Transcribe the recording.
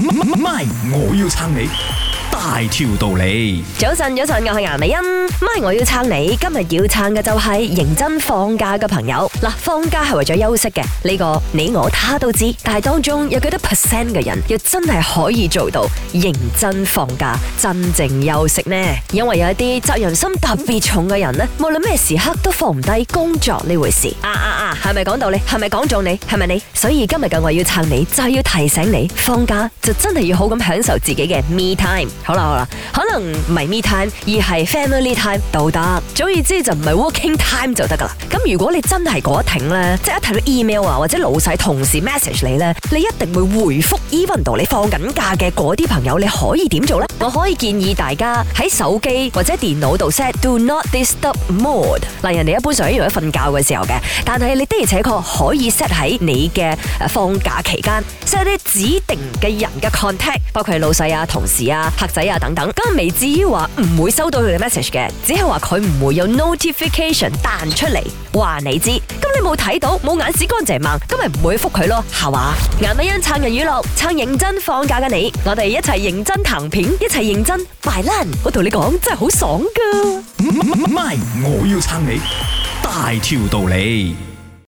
咪我要撐你，大條道理。早晨，早晨，我係顏美欣。咪我要撐你，今日要撐嘅就係認真放假嘅朋友。嗱，放假係為咗休息嘅，呢個你我他都知。但係當中有幾多 percent 嘅人，又真係可以做到認真放假、真正休息呢？因為有一啲責任心特別重嘅人呢，無論咩時刻都放唔低工作呢回事。係咪講到你？係咪講中你？係咪你？所以今日嘅我要撐你，就係要提醒你，放假就真係要好咁享受自己嘅 me time。好啦好啦，可能唔係 me time，而係 family time 都得。早以之總言之，就唔係 working time 就得噶啦。咁如果你真係嗰一停咧，即係一睇到 email 啊或者老細同事 message 你咧，你一定會回複 even 到你放緊假嘅嗰啲朋友，你可以點做咧？我可以建議大家喺手機或者電腦度 set do not disturb mode。嗱，人哋一般上咗喺瞓覺嘅時候嘅，但係。你的而且確可以 set 喺你嘅放假期間，set 啲指定嘅人嘅 contact，包括佢老細啊、同事啊、客仔啊等等，咁未至於話唔會收到佢嘅 message 嘅，只係話佢唔會有 notification 彈出嚟話你知，咁你冇睇到冇眼屎乾淨盲，今日唔會覆佢咯，係嘛？顏美欣撐人語錄，撐認真放假嘅你，我哋一齊認真談片，一齊認真 balance，我同你講真係好爽噶，唔係我要撐你大條道理。